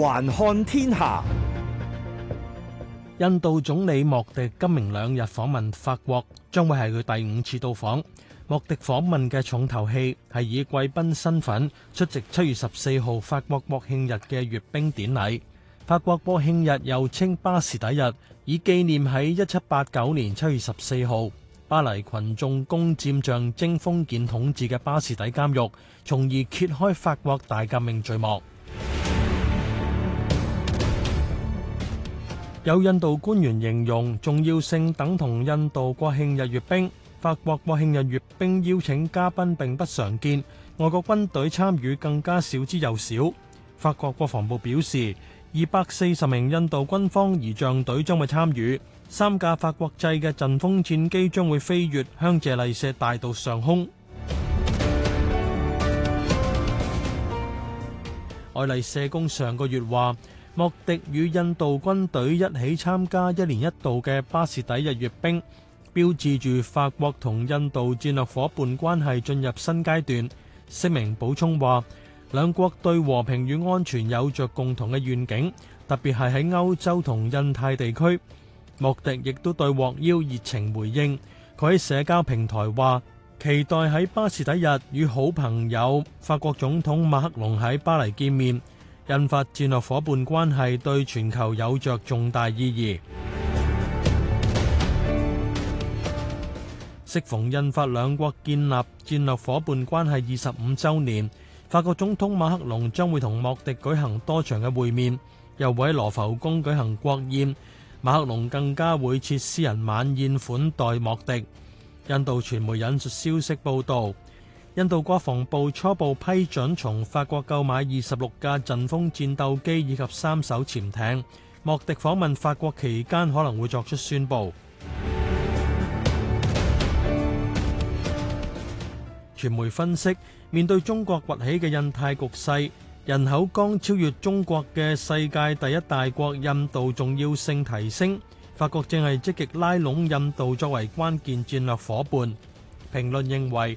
環看天下，印度總理莫迪今明兩日訪問法國，將會係佢第五次到訪。莫迪訪問嘅重頭戲係以貴賓身份出席七月十四號法國國慶日嘅閱兵典禮。法國國慶日又稱巴士底日，以紀念喺一七八九年七月十四號巴黎群眾攻占象徵封建統治嘅巴士底監獄，從而揭開法國大革命序幕。有印度官員形容重要性等同印度國慶日閱兵。法國國慶日閱兵邀請嘉賓並不常見，外國軍隊參與更加少之又少。法國國防部表示，二百四十名印度軍方儀仗隊將會參與，三架法國製嘅陣風戰機將會飛越香榭麗舍大道上空。愛麗舍宮上個月話。莫迪與印度軍隊一起參加一年一度嘅巴士底日閱兵，標誌住法國同印度戰略夥伴關係進入新階段。聲明補充話，兩國對和平與安全有着共同嘅願景，特別係喺歐洲同印太地區。莫迪亦都對獲邀熱情回應，佢喺社交平台話：期待喺巴士底日與好朋友法國總統馬克龍喺巴黎見面。印法戰略夥伴關係對全球有着重大意義。適逢印法兩國建立戰略夥伴關係二十五週年，法國總統馬克龍將會同莫迪舉行多場嘅會面，又會喺羅浮宮舉行國宴。馬克龍更加會設私人晚宴款待莫迪。印度傳媒引述消息報道。印度國防部初步批准從法國購買二十六架陣風戰鬥機以及三艘潛艇。莫迪訪問法國期間可能會作出宣布。傳媒分析，面對中國崛起嘅印太局勢，人口剛超越中國嘅世界第一大國印度重要性提升，法國正係積極拉攏印度作為關鍵戰略夥伴。評論認為。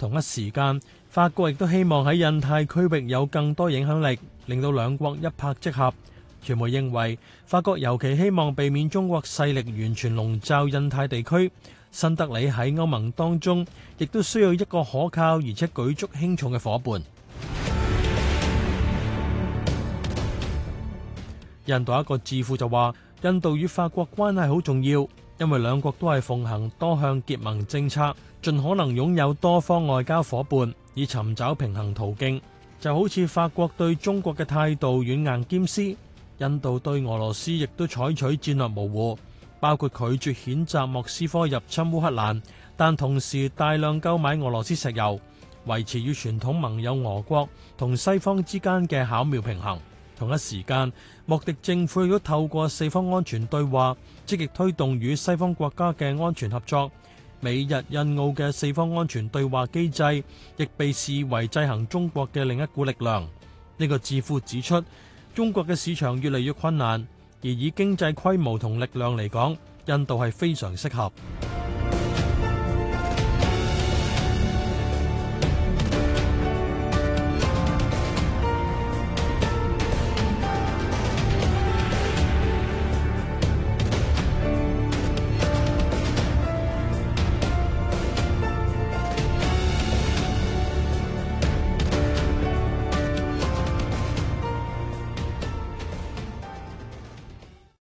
同一時間，法國亦都希望喺印太區域有更多影響力，令到兩國一拍即合。傳媒認為法國尤其希望避免中國勢力完全籠罩印太地區。新德里喺歐盟當中，亦都需要一個可靠而且舉足輕重嘅夥伴。印度一個智庫就話，印度與法國關係好重要。因為兩國都係奉行多向結盟政策，盡可能擁有多方外交夥伴以尋找平衡途徑。就好似法國對中國嘅態度軟硬兼施，印度對俄羅斯亦都採取戰略模糊，包括拒絕譴責莫斯科入侵烏克蘭，但同時大量購買俄羅斯石油，維持與傳統盟友俄國同西方之間嘅巧妙平衡。同一時間，莫迪政府亦都透過四方安全對話積極推動與西方國家嘅安全合作。美日印澳嘅四方安全對話機制亦被視為制衡中國嘅另一股力量。呢個智庫指出，中國嘅市場越嚟越困難，而以經濟規模同力量嚟講，印度係非常適合。